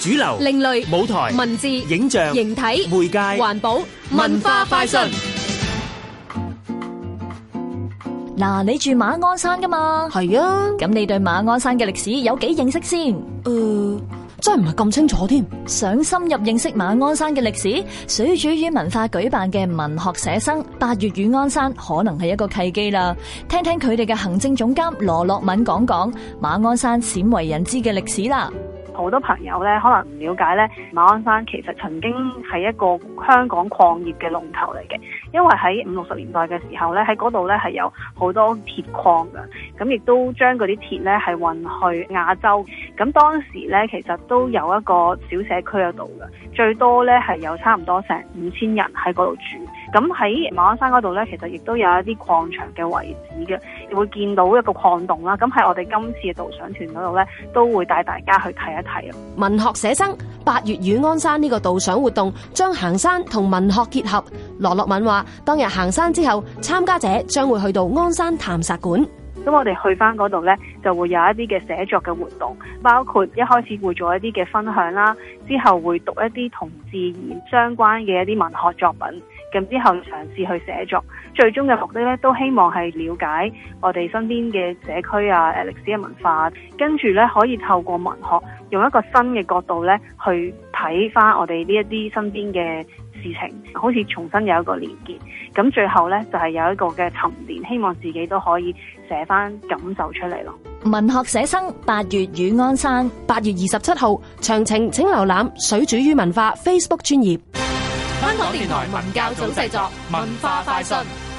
主流、另類舞台、文字、影像、形體、媒介、環保、文化快訊。嗱，你住馬鞍山噶嘛？係啊。咁你對馬鞍山嘅歷史有幾認識先？誒，真係唔係咁清楚添。想深入認識馬鞍山嘅歷史，水煮魚文化舉辦嘅文學寫生八月雨鞍山，可能係一個契機啦。聽聽佢哋嘅行政總監羅樂敏講講馬鞍山鮮為人知嘅歷史啦。好多朋友咧，可能唔了解咧，馬鞍山其實曾經係一個香港礦業嘅龍頭嚟嘅，因為喺五六十年代嘅時候咧，喺嗰度咧係有好多鐵礦㗎，咁亦都將嗰啲鐵咧係運去亞洲，咁當時咧其實都有一個小社區喺嗰度嘅，最多咧係有差唔多成五千人喺嗰度住。咁喺馬鞍山嗰度咧，其實亦都有一啲礦場嘅位置嘅，會見到一個礦洞啦。咁喺我哋今次嘅導賞團嗰度咧，都會帶大家去睇一睇啊。文學寫生，八月與鞍山呢個導賞活動將行山同文學結合。羅樂敏話：當日行山之後，參加者將會去到鞍山探索館。咁我哋去翻嗰度呢，就會有一啲嘅寫作嘅活動，包括一開始會做一啲嘅分享啦，之後會讀一啲同自然相關嘅一啲文學作品，咁之後嘗試去寫作，最終嘅目的呢，都希望係了解我哋身邊嘅社區啊、誒歷史嘅文化，跟住呢，可以透過文學，用一個新嘅角度呢，去睇翻我哋呢一啲身邊嘅。事情好似重新有一個連結，咁最後呢，就係有一個嘅沉澱，希望自己都可以寫翻感受出嚟咯。文學寫生，八月與安生，八月二十七號，詳情請瀏覽水煮魚文化 Facebook 專頁。香港電台文教組製作，文化快訊。